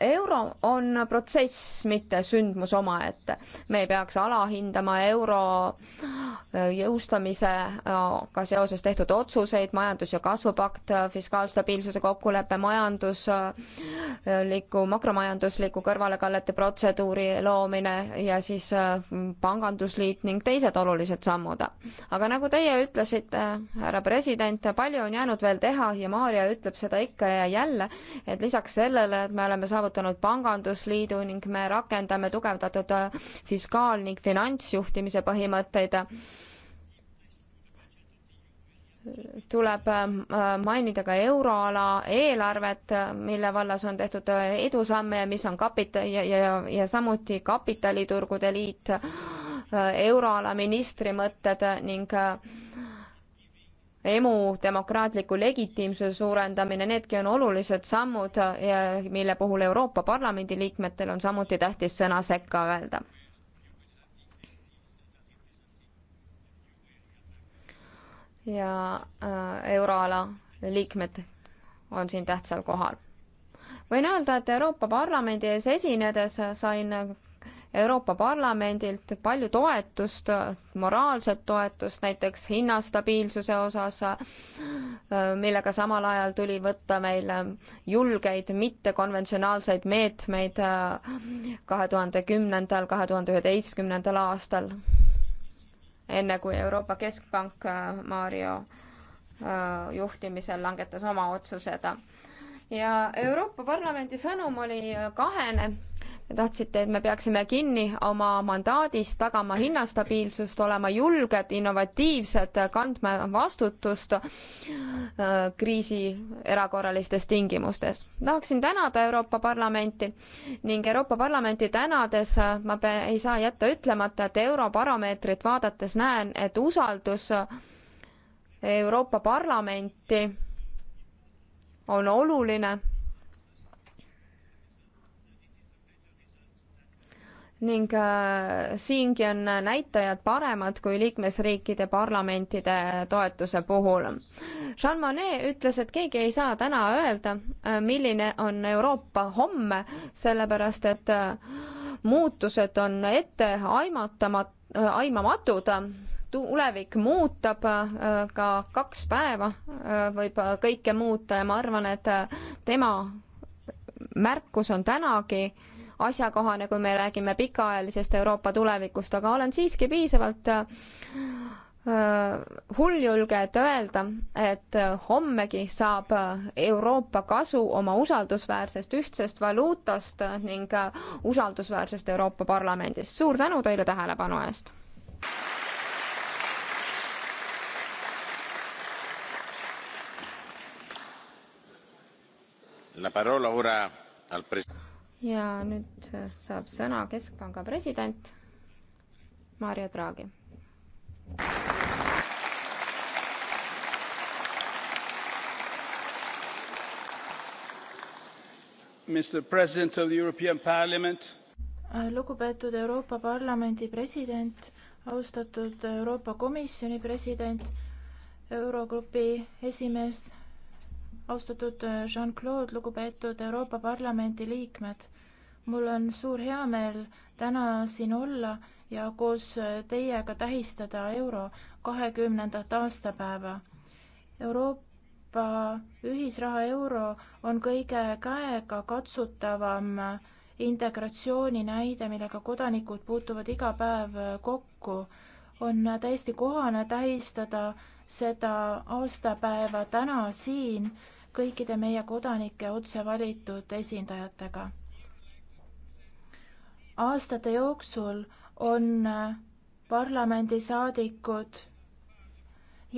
euro on protsess, mitte sündmus omaette. me ei peaks alahindama euro jõustamisega seoses tehtud otsuseid, majandus- ja kasvupakt, fiskaalstabiilsuse kokkulepe, majandusliku, makromajandusliku kõrvalekallete protseduuri loomine ja siis mm, pangandusliit ning teised olulised sammud. aga nagu teie ütlesite, härra president, palju on jäänud veel teha ja Maarja ütleb seda ikka ja jälle, et lisaks sellele, et me oleme saavutanud pangandusliidu ning me rakendame tugevdatud äh, fiskaal- ning finantsjuhtimise põhimõtteid, tuleb ähm, äh, mainida ka euroala eelarvet, äh, mille vallas on tehtud äh, edusamme ja mis on kapita- ja, ja, ja samuti kapitaliturgude liit, euroala ministri mõtted ning emu demokraatliku legitiimsuse suurendamine, needki on olulised sammud, mille puhul Euroopa Parlamendi liikmetel on samuti tähtis sõna sekka öelda ja äh, euroala liikmed on siin tähtsal kohal. võin öelda, et Euroopa Parlamendi ees esinedes sain Euroopa Parlamendilt palju toetust, moraalset toetust, näiteks hinnastabiilsuse osas, äh, millega samal ajal tuli võtta meil julgeid mittekonventsionaalseid meetmeid äh, kahe tuhande kümnendal, kahe tuhande üheteistkümnendal aastal enne kui Euroopa Keskpank äh, Mario äh, juhtimisel langetas oma otsused. ja Euroopa Parlamendi sõnum oli kahene tahtsite, et me peaksime kinni oma mandaadist, tagama hinnastabiilsust, olema julged, innovatiivsed, kandma vastutust äh, kriisi erakorralistes tingimustes. tahaksin tänada Euroopa Parlamenti ning Euroopa Parlamenti tänades äh, ma ei saa jätta ütlemata, et Eurobaromeetrit vaadates näen, et usaldus äh, Euroopa Parlamenti on oluline ning äh, siingi on näitajad paremad kui liikmesriikide parlamentide toetuse puhul. Jean Monnet ütles, et keegi ei saa täna öelda, äh, milline on Euroopa homme, sellepärast et äh, muutused on etteaimatamatud, aimamatud tulevik muutab ka kaks päeva, võib kõike muuta ja ma arvan, et tema märkus on tänagi asjakohane, kui me räägime pikaajalisest Euroopa tulevikust, aga olen siiski piisavalt äh, äh, hulljulge, et öelda, et äh, hommegi saab Euroopa kasu oma usaldusväärsest ühtsest valuutast ning usaldusväärsest Euroopa Parlamendist. suur tänu teile tähelepanu eest! La parola ora al presidente ja nüüd äh, saab sõna Keskpanga president Mario Draghi. Mr President of the European Parliament. Äh, lugupeetud Euroopa Parlamendi president, austatud Euroopa Komisjoni president, Eurogrupi esimees austatud äh, Jean-Claude, lugupeetud Euroopa Parlamendi liikmed. mul on suur heameel täna siin olla ja koos äh, teiega tähistada euro kahekümnendat aastapäeva. Euroopa ühisraha euro on kõige käegakatsutavam äh, integratsiooni näide, millega kodanikud puutuvad iga päev kokku. on täiesti kohane tähistada seda aastapäeva täna siin kõikide meie kodanike otse valitud esindajatega. aastate jooksul on äh, parlamendisaadikud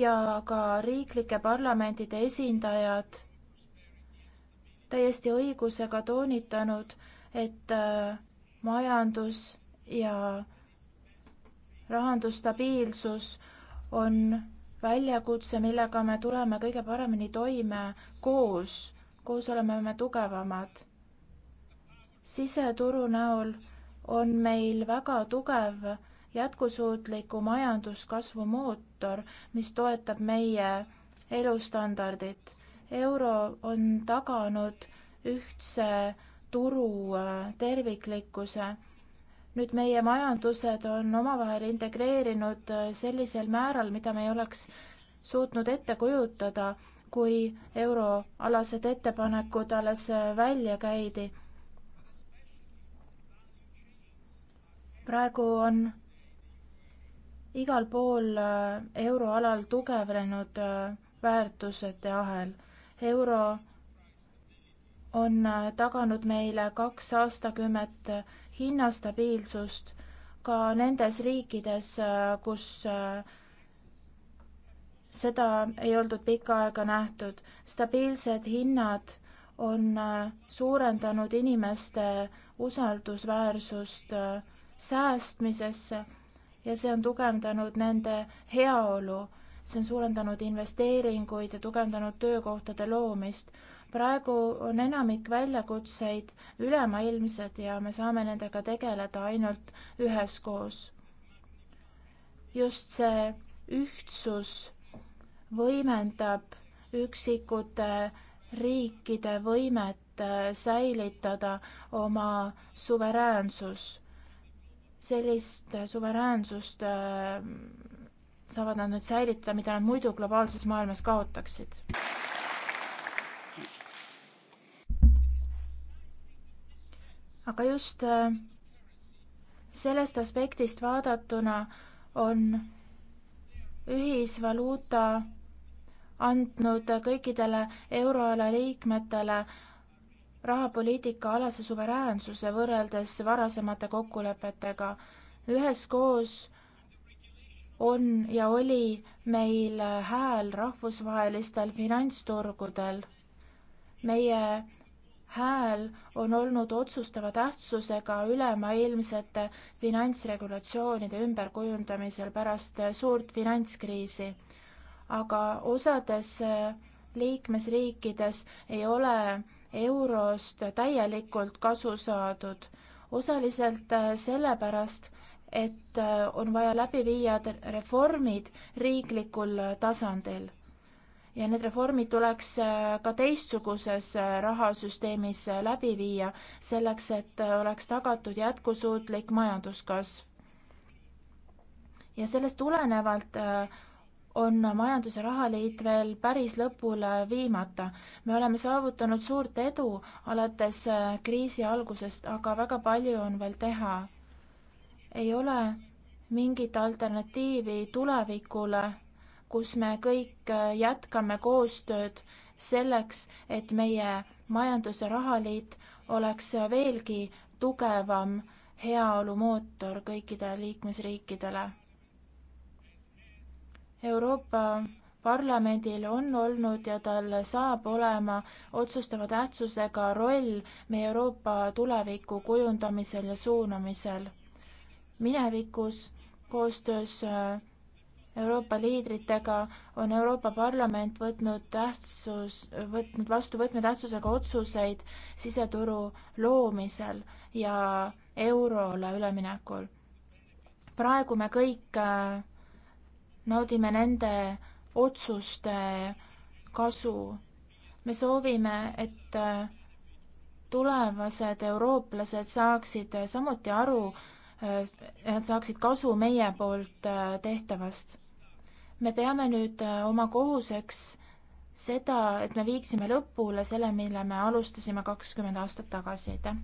ja ka riiklike parlamentide esindajad täiesti õigusega toonitanud, et äh, majandus ja rahandusstabiilsus on väljakutse, millega me tuleme kõige paremini toime koos. koos oleme me tugevamad. siseturu näol on meil väga tugev jätkusuutliku majanduskasvu mootor, mis toetab meie elustandardit. euro on taganud ühtse turu äh, terviklikkuse nüüd meie majandused on omavahel integreerinud äh, sellisel määral, mida me ei oleks suutnud ette kujutada, kui euroalased ettepanekud alles äh, välja käidi. praegu on igal pool äh, euroalal tugevnenud väärtused ja ahel. euro on taganud meile kaks aastakümmet hinnastabiilsust ka nendes riikides, kus äh, seda ei oldud pikka aega nähtud. stabiilsed hinnad on äh, suurendanud inimeste usaldusväärsust äh, säästmisesse ja see on tugevdanud nende heaolu see on suurendanud investeeringuid ja tugevdanud töökohtade loomist praegu on enamik väljakutseid ülemaailmsed ja me saame nendega tegeleda ainult üheskoos just see ühtsus võimendab üksikute riikide võimet äh, säilitada oma suveräänsus sellist äh, suveräänsust äh, saavad nad nüüd säilitada mida nad muidu globaalses maailmas kaotaksid aga just äh, sellest aspektist vaadatuna on ühisvaluuta andnud kõikidele euroala liikmetele rahapoliitika alase suveräänsuse võrreldes varasemate kokkulepetega. üheskoos on ja oli meil hääl rahvusvahelistel finantsturgudel. meie hääl on olnud otsustava tähtsusega ülemaailmsete finantsregulatsioonide ümberkujundamisel pärast suurt finantskriisi aga osades eh, liikmesriikides ei ole eurost täielikult kasu saadud osaliselt eh, sellepärast et eh, on vaja läbi viia reformid riiklikul tasandil ja need reformid tuleks äh, ka teistsuguses äh, rahasüsteemis äh, läbi viia, selleks et oleks tagatud jätkusuutlik majanduskasv. ja sellest tulenevalt on Majandus- ja Rahaliit veel päris lõpule viimata. me oleme saavutanud suurt edu alates kriisi algusest, aga väga palju on veel teha. ei ole mingit alternatiivi tulevikule kus me kõik äh, jätkame koostööd selleks, et meie majandus- ja rahaliit oleks äh, veelgi tugevam heaolumootor kõikidele liikmesriikidele. Euroopa Parlamendil on olnud ja tal saab olema otsustava tähtsusega roll meie Euroopa tuleviku kujundamisel ja suunamisel. minevikus koostöös äh, Euroopa liidritega on Euroopa Parlament võtnud tähtsus, võtnud vastu võtmetähtsusega otsuseid siseturu loomisel ja eurole üleminekul. praegu me kõik äh, naudime nende otsuste kasu. me soovime, et äh, tulevased eurooplased saaksid samuti aru, et äh, nad saaksid kasu meie poolt tehtavast me peame nüüd äh, oma kohuseks seda, et me viiksime lõpule selle, mille me alustasime kakskümmend aastat tagasi, aitäh.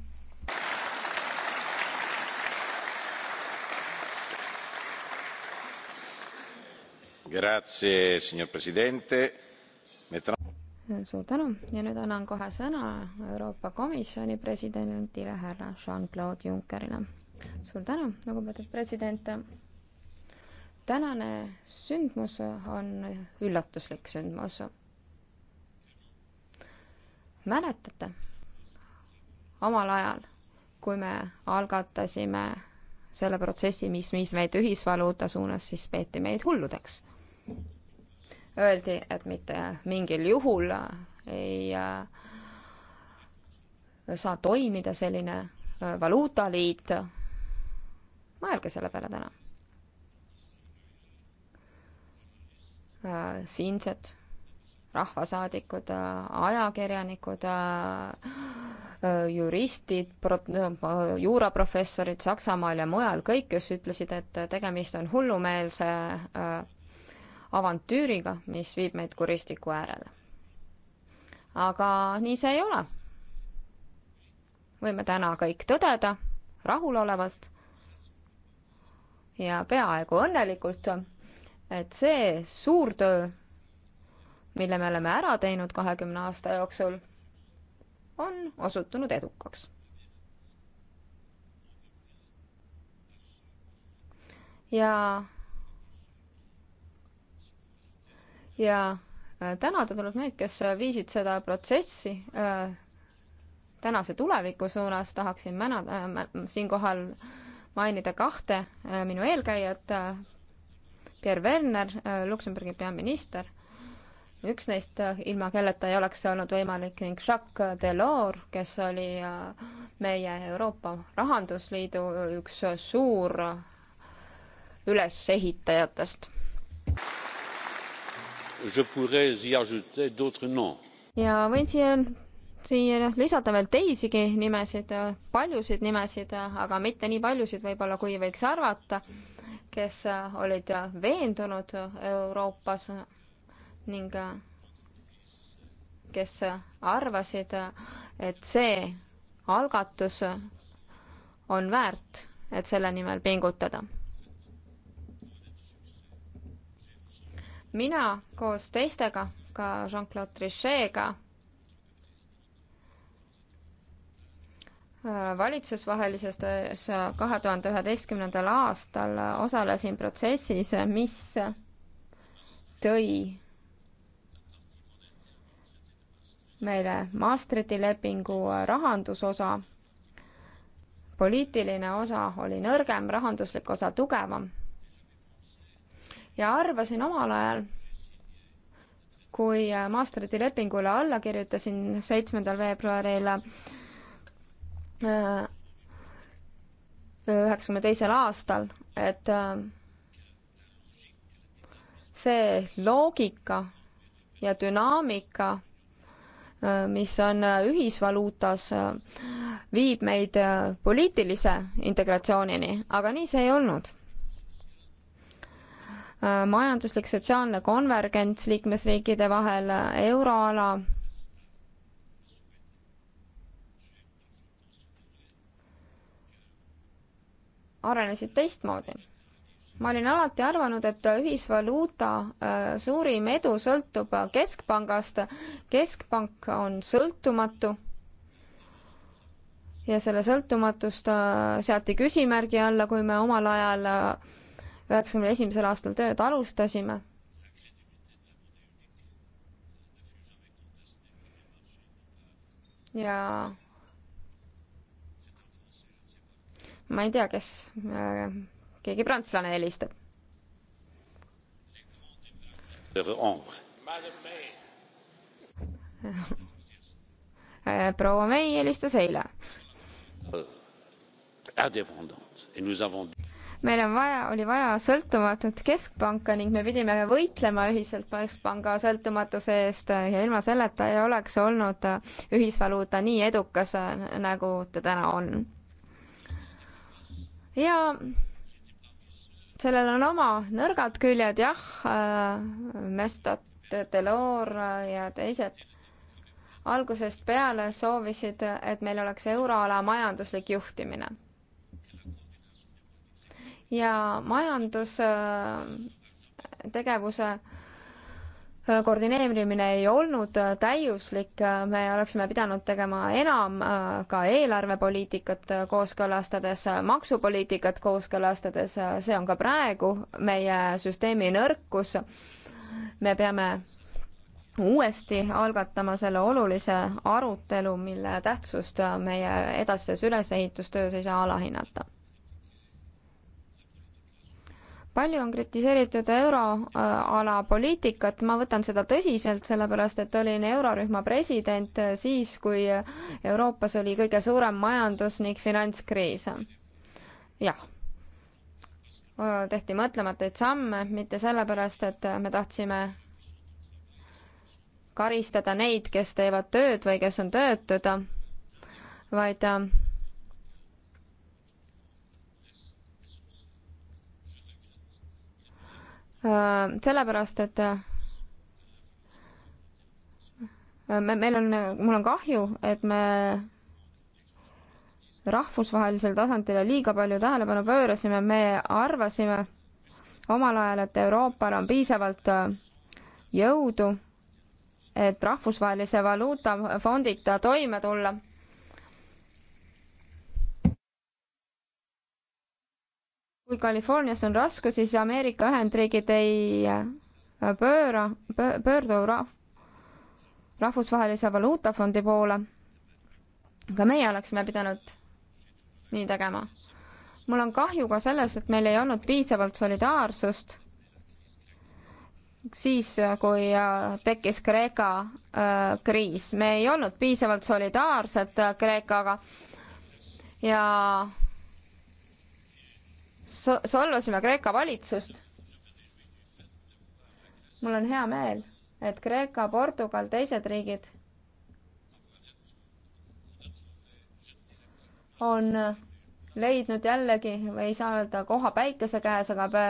suur tänu ja nüüd annan kohe sõna Euroopa Komisjoni presidendile härra Jean-Claude Junckerile. suur tänu, lugupeetud president tänane sündmus on üllatuslik sündmus. mäletate, omal ajal, kui me algatasime selle protsessi, mis viis meid ühisvaluuta suunas, siis peeti meid hulludeks. Öeldi, et mitte mingil juhul ei äh, saa toimida selline äh, valuutaliit. mõelge selle peale täna Äh, siinsed rahvasaadikud, äh, ajakirjanikud, äh, juristid, juuraprofessorid Saksamaal ja mujal, kõik, kes ütlesid, et tegemist on hullumeelse avantüüriga, mis viib meid kuristiku äärele. aga nii see ei ole. võime täna kõik tõdeda rahulolevalt ja peaaegu õnnelikult et see suur töö, mille me oleme ära teinud kahekümne aasta jooksul, on osutunud edukaks. ja, ja äh, tänada tuleb neid, kes viisid seda protsessi äh, tänase tuleviku suunas, tahaksin mänada äh,, siinkohal mainida kahte äh, minu eelkäijat äh,, Pierre Werner, äh, Luksemburgi peaminister, üks neist, äh, ilma kelleta ei oleks olnud võimalik, ning Jacques Delors, kes oli äh, meie Euroopa Rahandusliidu üks suur ülesehitajatest. ja võin siia siia lisada veel teisigi nimesid, paljusid nimesid, aga mitte nii paljusid võib-olla, kui võiks arvata kes äh, olid äh, veendunud äh, Euroopas ning kes arvasid, et see algatus on väärt, et selle nimel pingutada. mina koos teistega, ka Jean-Claude Trichet'ga valitsusvahelisest äh, kahe tuhande üheteistkümnendal aastal osalesin protsessis, mis tõi meile Maastrichti lepingu rahandusosa. poliitiline osa oli nõrgem, rahanduslik osa tugevam. ja arvasin omal ajal, kui Maastrichti lepingule alla kirjutasin seitsmendal veebruaril üheksakümne teisel aastal, et äh, see loogika ja dünaamika, äh, mis on äh, ühisvaluutas, viib meid poliitilise integratsioonini, aga nii see ei olnud majanduslik sotsiaalne konvergents liikmesriikide vahel, euroala arenesid teistmoodi. ma olin alati arvanud, et ühisvaluuta äh, suurim edu sõltub keskpangast. keskpank on sõltumatu ja selle sõltumatust äh, seati küsimärgi alla, kui me omal ajal äh, üheksakümne esimesel aastal tööd alustasime. ja ma ei tea, kes, äh, keegi prantslane helistab. Äh, proua May helistas eile. Euh, meil on vaja, oli vaja sõltumatut keskpanka ning me pidime võitlema ühiselt keskpanga sõltumatuse eest ja ilma selleta ei oleks olnud ühisvaluuta nii edukas, nagu ta täna on ja sellel on oma nõrgad küljed, jah äh,, Mestat, Delor ja teised algusest peale soovisid, et meil oleks euroala majanduslik juhtimine. ja majandustegevuse äh, koordineerimine ei olnud täiuslik, me oleksime pidanud tegema enam äh, ka eelarvepoliitikat kooskõlastades, maksupoliitikat kooskõlastades, see on ka praegu meie süsteemi nõrkus. me peame uuesti algatama selle olulise arutelu, mille tähtsust meie edasises ülesehitustöös ei saa alahinnata palju on kritiseeritud euroala poliitikat, ma võtan seda tõsiselt, sellepärast et olin eurorühma president siis, kui Euroopas oli kõige suurem majandus- ning finantskriis. jah, tehti mõtlematuid samme, mitte sellepärast, et me tahtsime karistada neid, kes teevad tööd või kes on töötud, vaid Äh, sellepärast, et äh, me, meil on, mul on kahju, et me rahvusvahelisel tasandil liiga palju tähelepanu pöörasime, me arvasime omal ajal, et Euroopal on piisavalt äh, jõudu, et rahvusvahelise valuutafondiga toime tulla kui Californias on raske, siis Ameerika Ühendriigid ei äh, pööra, pöördu rahv-, rahvusvahelise valuutafondi poole. ka meie oleksime pidanud nii tegema. mul on kahju ka selles, et meil ei olnud piisavalt solidaarsust siis, äh, kui äh, tekkis Kreeka äh, kriis. me ei olnud piisavalt solidaarsed Kreekaga ja so-, solvasime Kreeka valitsust. mul on hea meel, et Kreeka, Portugal, teised riigid on leidnud jällegi, või ei saa öelda koha päikese käes, aga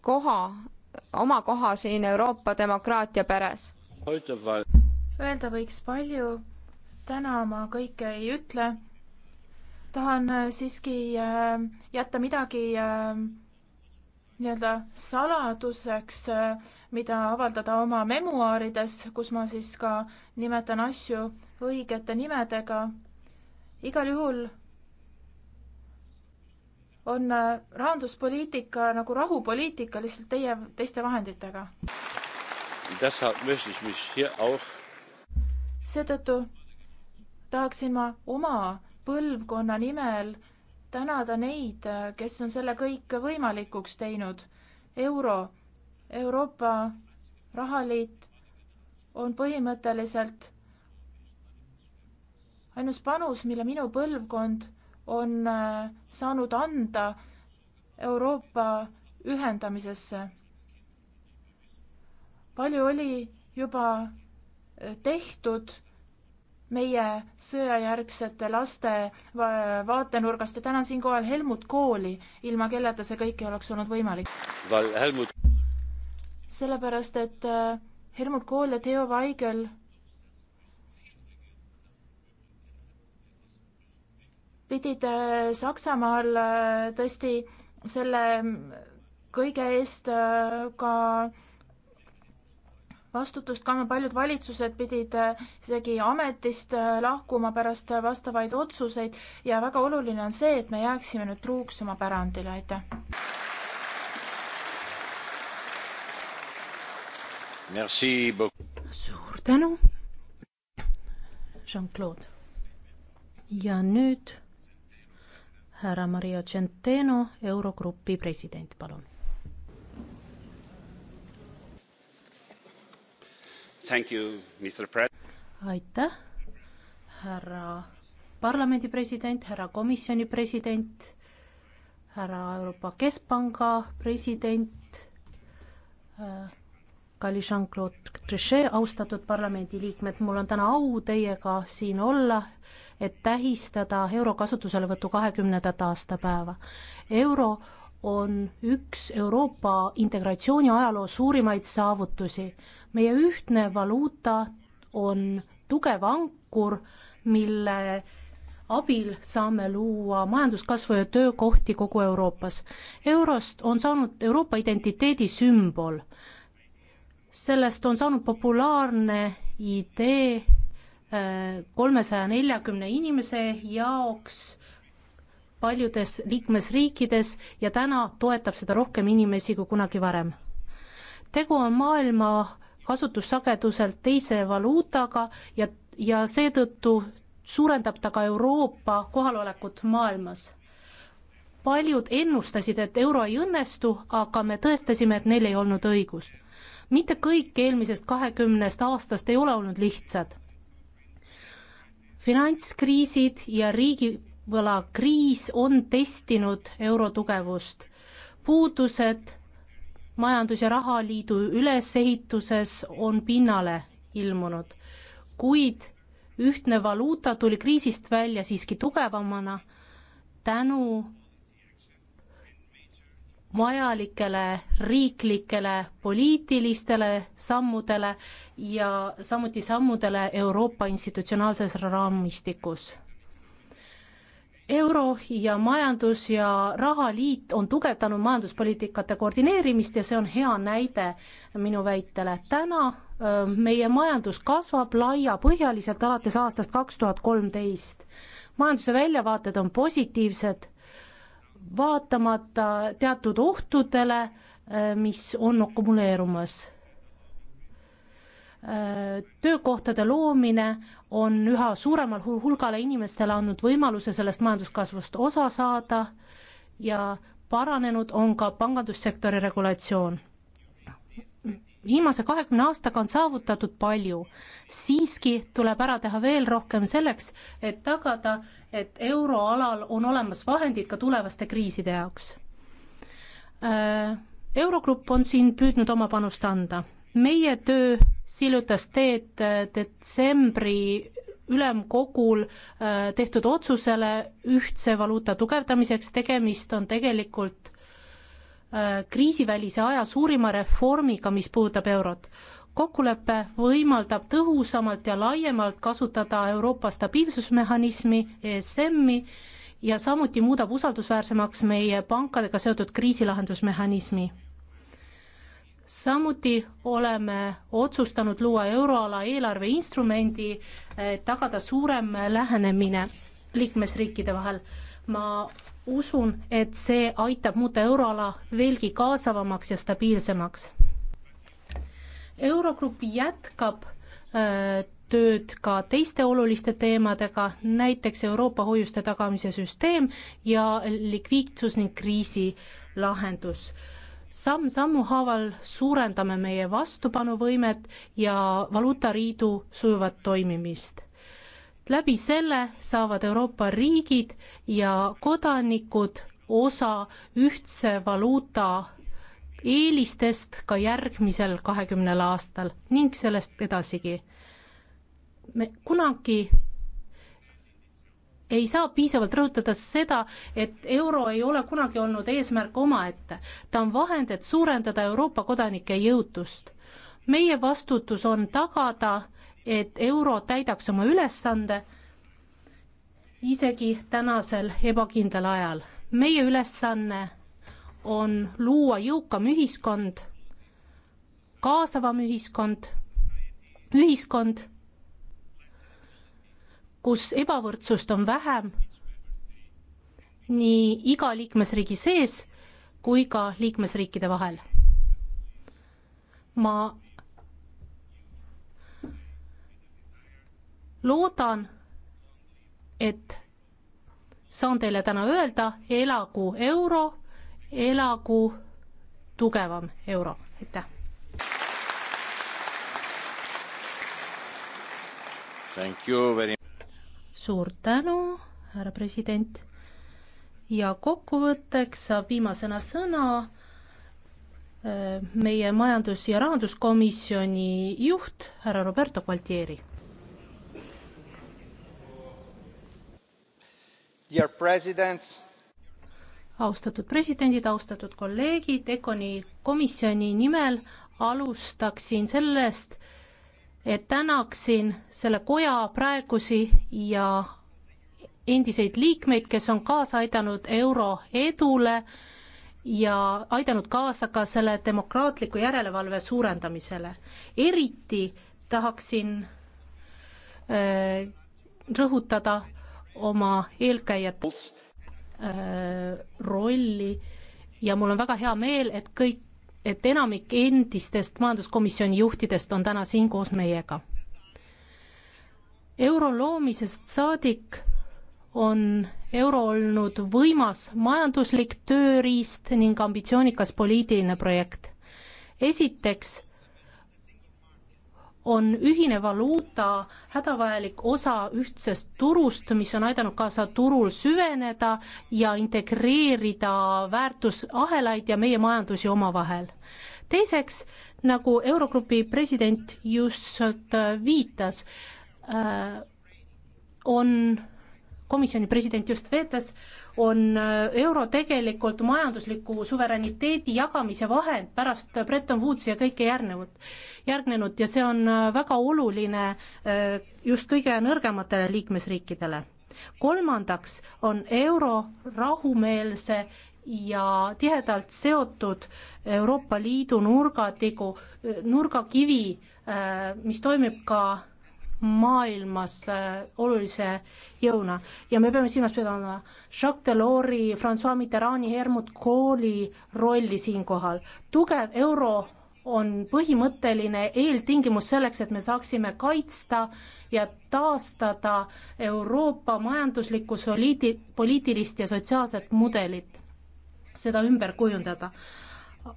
koha, oma koha siin Euroopa demokraatia peres. Öelda võiks palju, täna ma kõike ei ütle tahan äh, siiski äh, jätta midagi äh, nii-öelda saladuseks, mida avaldada oma memuaarides, kus ma siis ka nimetan asju õigete nimedega. igal juhul on rahanduspoliitika nagu rahupoliitika lihtsalt teie, teiste vahenditega. seetõttu tahaksin ma oma põlvkonna nimel tänada neid, kes on selle kõik võimalikuks teinud. euro, Euroopa Rahaliit on põhimõtteliselt ainus panus, mille minu põlvkond on äh, saanud anda Euroopa ühendamisesse. palju oli juba äh, tehtud meie sõjajärgsete laste vaatenurgast ja tänan siinkohal Helmut Kooli, ilma kelleta see kõik ei oleks olnud võimalik. Helmut... sellepärast, et äh, Helmut Kool ja Theo Vaigel pidid äh, Saksamaal äh, tõesti selle mm, kõige eest ka vastutust kandma, paljud valitsused pidid äh, isegi ametist äh, lahkuma pärast äh, vastavaid otsuseid ja väga oluline on see, et me jääksime nüüd truuks oma pärandile, aitäh. suur tänu, Jean-Claude. ja nüüd härra Mario Centeno, Eurogrupi president, palun aitäh, härra parlamendi president, härra komisjoni president, härra Euroopa Keskpanga president, äh, kallis Jean-Claude Trichet, austatud parlamendiliikmed, mul on täna au teiega siin olla, et tähistada euro kasutuselevõtu kahekümnendat aastapäeva. euro on üks Euroopa integratsiooni ajaloo suurimaid saavutusi. meie ühtne valuuta on tugev ankur, mille abil saame luua majanduskasvu ja töökohti kogu Euroopas. eurost on saanud Euroopa identiteedi sümbol. sellest on saanud populaarne idee äh, kolmesaja neljakümne inimese jaoks paljudes liikmesriikides ja täna toetab seda rohkem inimesi kui kunagi varem. tegu on maailma kasutussageduselt teise valuutaga ja, ja seetõttu suurendab ta ka Euroopa kohalolekut maailmas. paljud ennustasid, et euro ei õnnestu, aga me tõestasime, et neil ei olnud õigust. mitte kõik eelmisest kahekümnest aastast ei ole olnud lihtsad finantskriisid ja riigi võlakriis on testinud euro tugevust. puudused majandus- ja rahaliidu ülesehituses on pinnale ilmunud, kuid ühtne valuuta tuli kriisist välja siiski tugevamana tänu vajalikele riiklikele poliitilistele sammudele ja samuti sammudele Euroopa institutsionaalses raamistikus euro ja majandus- ja rahaliit on tugevdanud majanduspoliitikate koordineerimist ja see on hea näide minu väitele. täna meie majandus kasvab laiapõhjaliselt alates aastast kaks tuhat kolmteist. majanduse väljavaated on positiivsed, vaatamata teatud ohtudele, mis on akumuleerumas töökohtade loomine on üha suuremal hulgale inimestele andnud võimaluse sellest majanduskasvust osa saada ja paranenud on ka pangandussektori regulatsioon. viimase kahekümne aastaga on saavutatud palju, siiski tuleb ära teha veel rohkem selleks, et tagada, et euroalal on olemas vahendid ka tulevaste kriiside jaoks. Äh, Eurogrupp on siin püüdnud oma panust anda, meie töö sillutas teed äh, detsembri ülemkogul äh, tehtud otsusele ühtse valuuta tugevdamiseks, tegemist on tegelikult äh, kriisivälise aja suurima reformiga, mis puudutab eurot. kokkulepe võimaldab tõhusamalt ja laiemalt kasutada Euroopa stabiilsusmehhanismi, ESM-i, ja samuti muudab usaldusväärsemaks meie pankadega seotud kriisilahendusmehhanismi samuti oleme otsustanud luua euroala eelarveinstrumendi, et eh, tagada suurem lähenemine liikmesriikide vahel. ma usun, et see aitab muuta euroala veelgi kaasavamaks ja stabiilsemaks. Eurogrupp jätkab öö, eh, tööd ka teiste oluliste teemadega, näiteks Euroopa hoiuste tagamise süsteem ja likviidsus ning kriisilahendus samm-sammu haaval suurendame meie vastupanuvõimet ja valuutariidu sujuvat toimimist. läbi selle saavad Euroopa riigid ja kodanikud osa ühtse valuuta eelistest ka järgmisel kahekümnel aastal ning sellest edasigi. me kunagi ei saa piisavalt rõhutada seda, et euro ei ole kunagi olnud eesmärk omaette. ta on vahend, et suurendada Euroopa kodanike jõutust. meie vastutus on tagada, et euro täidaks oma ülesande isegi tänasel ebakindlal ajal. meie ülesanne on luua jõukam ühiskond, kaasavam ühiskond, ühiskond, kus ebavõrdsust on vähem nii iga liikmesriigi sees kui ka liikmesriikide vahel. ma loodan, et saan teile täna öelda, elagu euro, elagu tugevam euro, aitäh. Thank you very much suur tänu, härra president. ja kokkuvõtteks saab viimasena sõna äh, meie majandus- ja rahanduskomisjoni juht, härra Roberto Gualtieri. austatud presidendid, austatud kolleegid, ECONi komisjoni nimel alustaksin sellest, et tänaksin selle koja praegusi ja endiseid liikmeid, kes on kaasa aidanud euro edule ja aidanud kaasa ka selle demokraatliku järelevalve suurendamisele. eriti tahaksin äh, rõhutada oma eelkäijat äh, rolli ja mul on väga hea meel, et kõik et enamik endistest majanduskomisjoni juhtidest on täna siin koos meiega. euro loomisest saadik on euro olnud võimas majanduslik tööriist ning ambitsioonikas poliitiline projekt. esiteks on ühine valuuta hädavajalik osa ühtsest turust, mis on aidanud kaasa turul süveneda ja integreerida väärtusahelaid ja meie majandusi omavahel. teiseks, nagu Eurogrupi president just äh, viitas, äh, on komisjoni president just veetas, on äh, euro tegelikult majandusliku suverääniteedi jagamise vahend pärast Bretton Woodsi ja kõike järgnevat, järgnenud ja see on äh, väga oluline äh, just kõige nõrgematele liikmesriikidele. kolmandaks on euro rahumeelse ja tihedalt seotud Euroopa Liidu nurgatigu, nurgakivi, mis toimib ka maailmas äh, olulise jõuna ja me peame silmas pidama Jacques Delors'i, Francois Mitterrandi, Helmut Kohli rolli siinkohal. tugev euro on põhimõtteline eeltingimus selleks, et me saaksime kaitsta ja taastada Euroopa majanduslikku soliidi-, poliitilist ja sotsiaalset mudelit, seda ümber kujundada.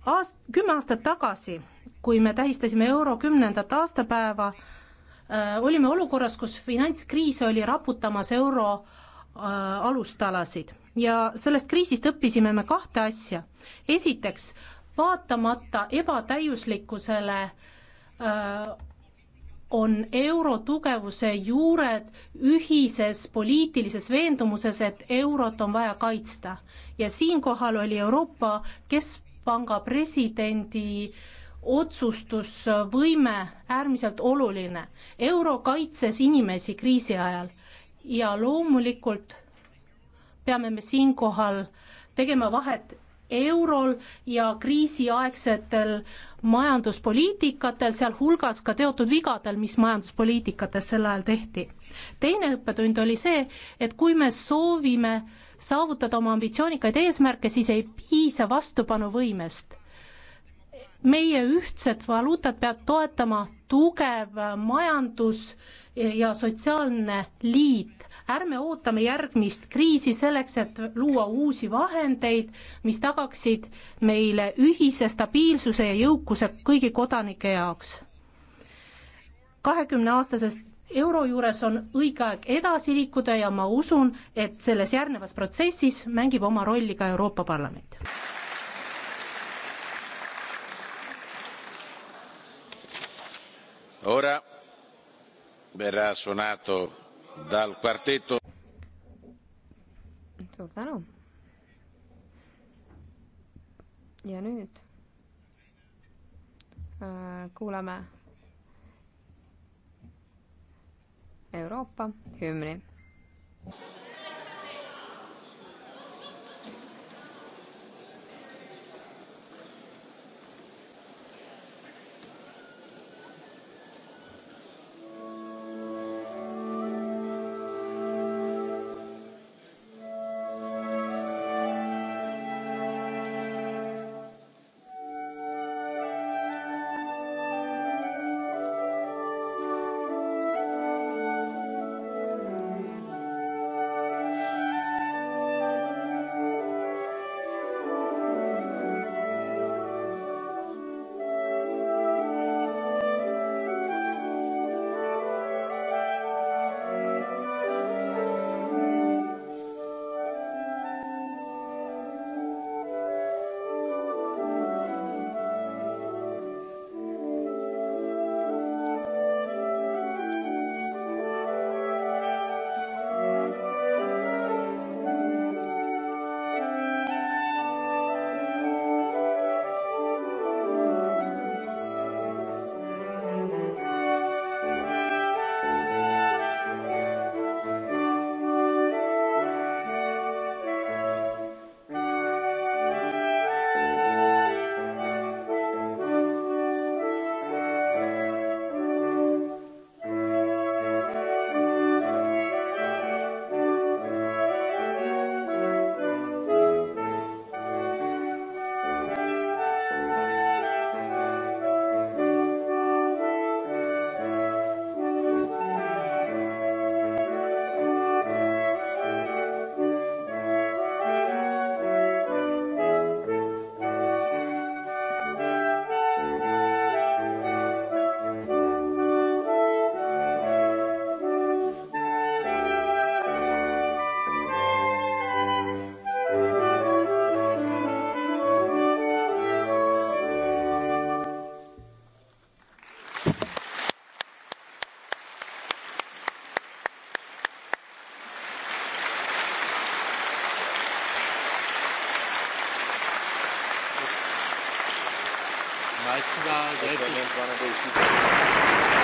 Aast-, kümme aastat tagasi, kui me tähistasime euro kümnendat aastapäeva, Äh, olime olukorras, kus finantskriis oli raputamas euro äh, alustalasid ja sellest kriisist õppisime me kahte asja. esiteks, vaatamata ebatäiuslikkusele äh, on euro tugevuse juured ühises poliitilises veendumuses, et eurot on vaja kaitsta. ja siinkohal oli Euroopa Keskpanga presidendi äh, otsustusvõime äärmiselt oluline. euro kaitses inimesi kriisi ajal ja loomulikult peame me siinkohal tegema vahet eurol ja kriisiaegsetel majanduspoliitikatel, sealhulgas ka teatud vigadel, mis majanduspoliitikates sel ajal tehti. teine õppetund oli see, et kui me soovime saavutada oma ambitsioonikaid eesmärke, siis ei piisa vastupanuvõimest meie ühtset valuutat peab toetama tugev majandus ja sotsiaalne liit. ärme ootame järgmist kriisi selleks, et luua uusi vahendeid, mis tagaksid meile ühise stabiilsuse ja jõukuse kõigi kodanike jaoks. kahekümneaastasest euro juures on õige aeg edasi liikuda ja ma usun, et selles järgnevas protsessis mängib oma rolli ka Euroopa Parlament. ora verrà suonato dal quartetto. suur tänu. ja nüüd äh, kuulame Euroopa hümni. leisten da sehr viel.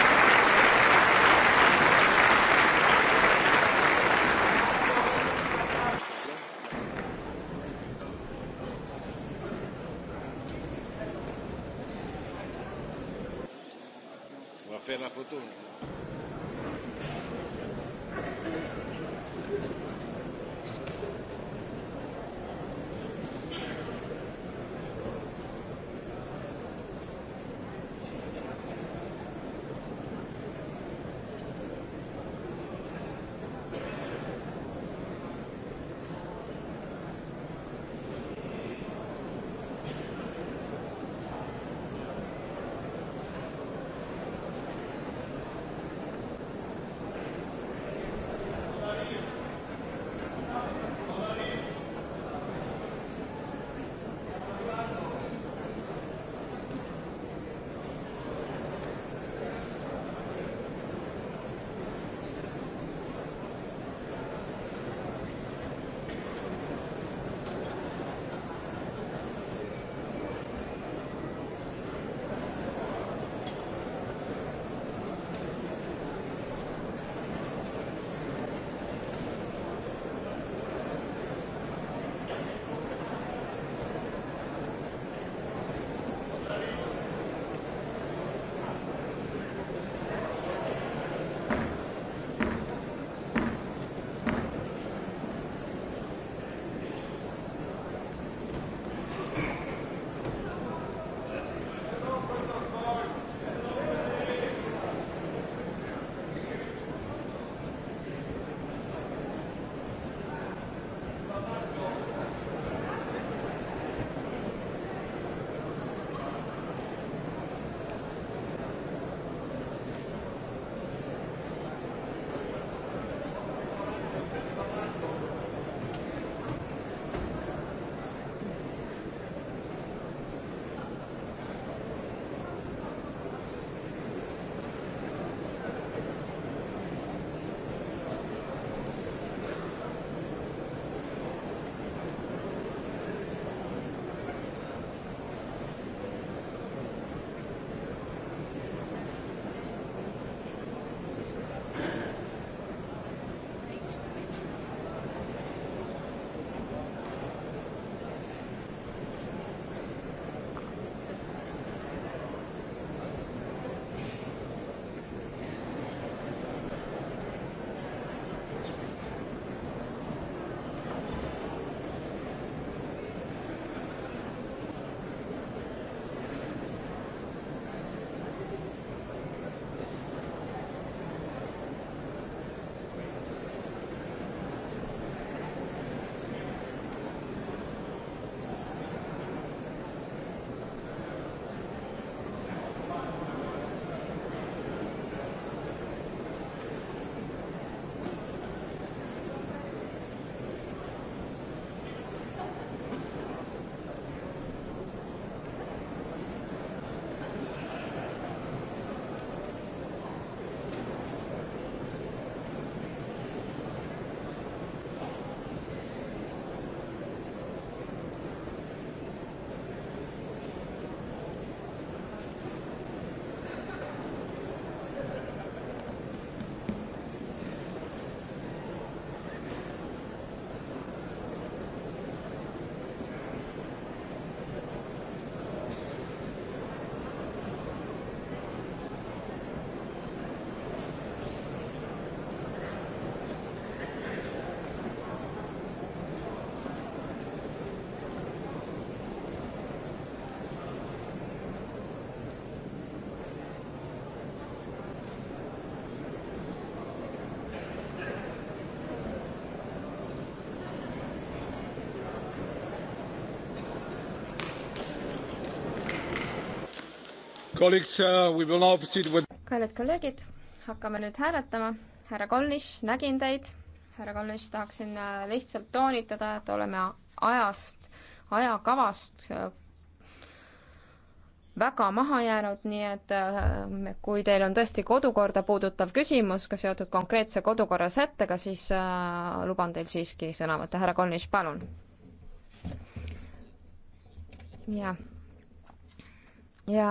Uh, kallid kolleegid, hakkame nüüd hääletama. härra Kolnis, nägin teid. härra Kolnis, tahaksin äh, lihtsalt toonitada, et oleme ajast, ajakavast äh, väga maha jäänud, nii et äh, kui teil on tõesti kodukorda puudutav küsimus ka seotud konkreetse kodukorra sättega, siis äh, luban teil siiski sõna võtta. härra Kolnis, palun. ja, ja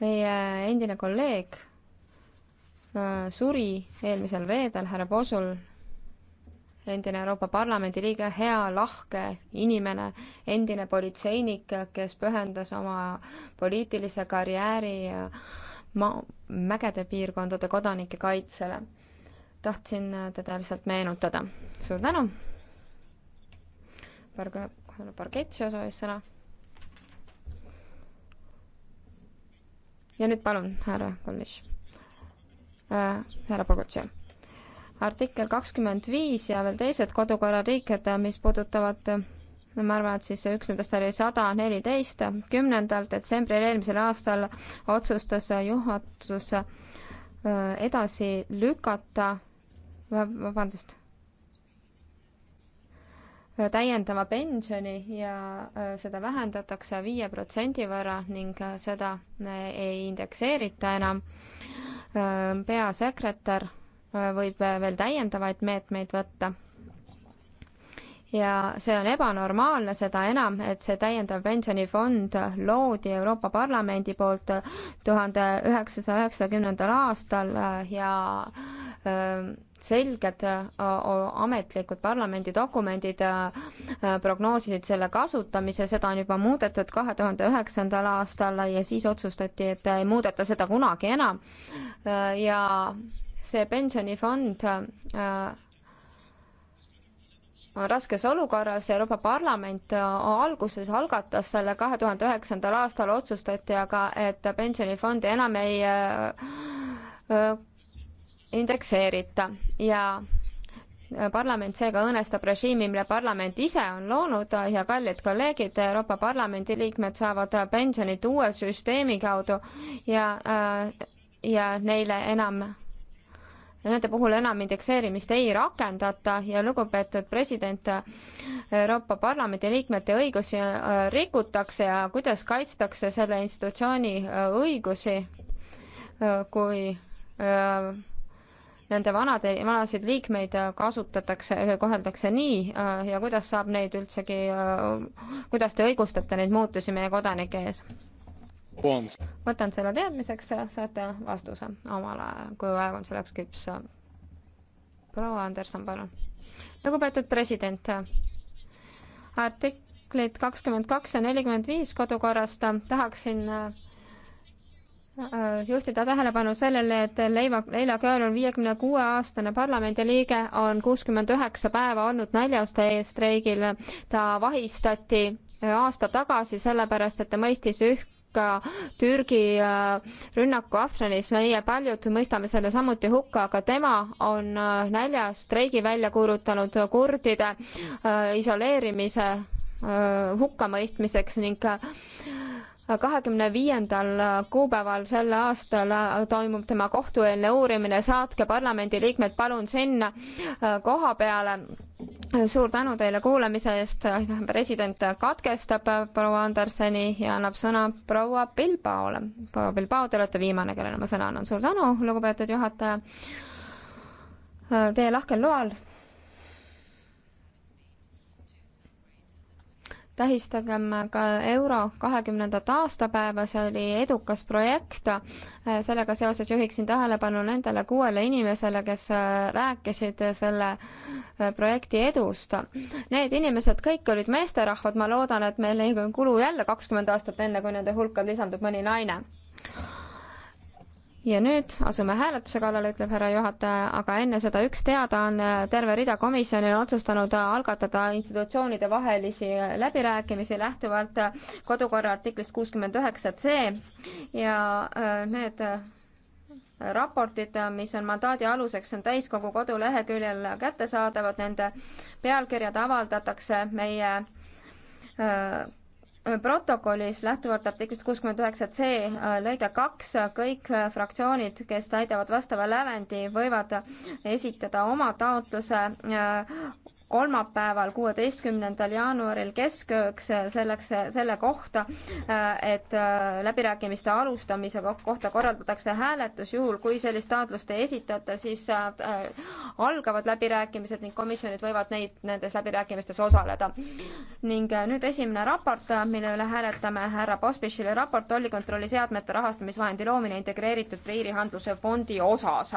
meie endine kolleeg äh, suri eelmisel reedel, härra Posul, endine Euroopa Parlamendi liige, hea, lahke inimene, endine politseinik, kes pühendas oma poliitilise karjääri äh, ma-, mägede piirkondade kodanike kaitsele. tahtsin äh, teda lihtsalt meenutada. suur tänu! Barg-, Bargetši osas sõna ja nüüd palun, härra Kollis äh,, härra Pogutšev artikkel kakskümmend viis ja veel teised kodukorrariiked, äh, mis puudutavad äh, ma arvan, et siis üks nendest oli sada neliteist, kümnendal detsembril eelmisel aastal otsustas äh, juhatus edasi lükata, vabandust, täiendava pensioni ja äh, seda vähendatakse viie protsendi võrra ning äh, seda äh, ei indekseerita enam. peasekretär võib veel täiendavaid meetmeid võtta. ja see on ebanormaalne, seda enam, et see täiendav pensionifond loodi Euroopa Parlamendi poolt tuhande üheksasaja üheksakümnendal aastal ja öö, selged äh, ametlikud parlamendi dokumendid äh, äh, prognoosisid selle kasutamise, seda on juba muudetud kahe tuhande üheksandal aastal ja siis otsustati, et ei muudeta seda kunagi enam. ja see pensionifond on raskes olukorras, Euroopa Parlament alguses algatas selle kahe tuhande üheksandal aastal, otsustati aga, et pensionifondi enam ei indekseerita ja parlament seega õõnestab režiimi, mille parlament ise on loonud ja kallid kolleegid, Euroopa Parlamendi liikmed saavad pensionit uue süsteemi kaudu ja, ja neile enam Nende puhul enam indekseerimist ei rakendata ja lugupeetud president, Euroopa Parlamendi liikmete õigusi rikutakse ja kuidas kaitstakse selle institutsiooni õigusi, kui nende vanade, vanasid liikmeid äh, kasutatakse, äh, koheldakse nii äh, ja kuidas saab neid üldsegi, kuidas te õigustate neid muutusi meie kodanike ees? võtan selle teadmiseks, saate vastuse omal ajal, kui aeg on selleks küps. proua Anderson, palun. lugupeetud president, artiklid kakskümmend kaks ja nelikümmend viis kodukorrast tahaksin Äh, juhtida tähelepanu sellele, et Leiva, Leila Köör on viiekümne kuue aastane parlamendiliige, on kuuskümmend üheksa päeva olnud näljaste streigil. ta vahistati äh, aasta tagasi sellepärast, et ta mõistis hukka Türgi äh, rünnaku Afranis, meie paljud mõistame selle samuti hukka, aga tema on näljas streigi välja kuulutanud kurdide isoleerimise hukkamõistmiseks ning kahekümne viiendal kuupäeval sel aastal toimub tema kohtueelne uurimine, saatke parlamendiliikmed palun sinna äh, koha peale. suur tänu teile kuulamise eest, president katkestab äh, proua Andersoni ja annab sõna proua Bilbaole. proua Bilbao, te olete viimane, kellele ma sõna annan. suur tänu, lugupeetud juhataja. Äh, teie lahkel loal tähistagem ka euro kahekümnendat aastapäeva, see oli edukas projekt. sellega seoses juhiksin tähelepanu nendele kuuele inimesele, kes rääkisid selle projekti edust. Need inimesed kõik olid meesterahvad, ma loodan, et meil ei kulu jälle kakskümmend aastat, enne kui nende hulka lisandub mõni naine ja nüüd asume hääletuse kallale, ütleb härra juhataja, aga enne seda üks teadaanne, terve rida komisjone on otsustanud algatada institutsioonide vahelisi läbirääkimisi lähtuvalt kodukorra artiklist kuuskümmend üheksa C ja äh, need raportid, mis on mandaadi aluseks, on täiskogu koduleheküljel kättesaadavad, nende pealkirjad avaldatakse meie äh, protokollis lähtuvalt artiklist kuuskümmend üheksa C äh, lõige kaks kõik äh, fraktsioonid, kes täidavad vastava lävendi, võivad esitada oma taotluse äh, kolmapäeval, kuueteistkümnendal jaanuaril keskööks selleks, selle kohta, et läbirääkimiste alustamise kohta korraldatakse hääletus, juhul kui sellist taotlust ei esitata, siis äh, algavad läbirääkimised ning komisjonid võivad neid, nendes läbirääkimistes osaleda. ning äh, nüüd esimene raport, mille üle hääletame, härra Pospišile raport tollikontrolli seadmete rahastamisvahendi loomine integreeritud piirihandluse fondi osas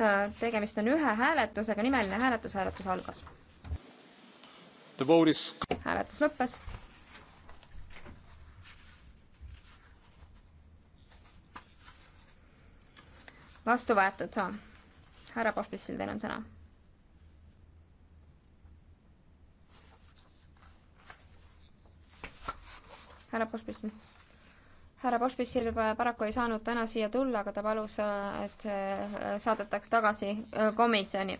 Äh, tegemist on ühe hääletusega, nimeline hääletus, hääletus algas. Is... hääletus lõppes. vastu võetud, härra Pospisil, teil on sõna härra Pospisin härra Pospisil paraku ei saanud täna siia tulla, aga ta palus, äh, et see äh, saadetaks tagasi äh, komisjoni.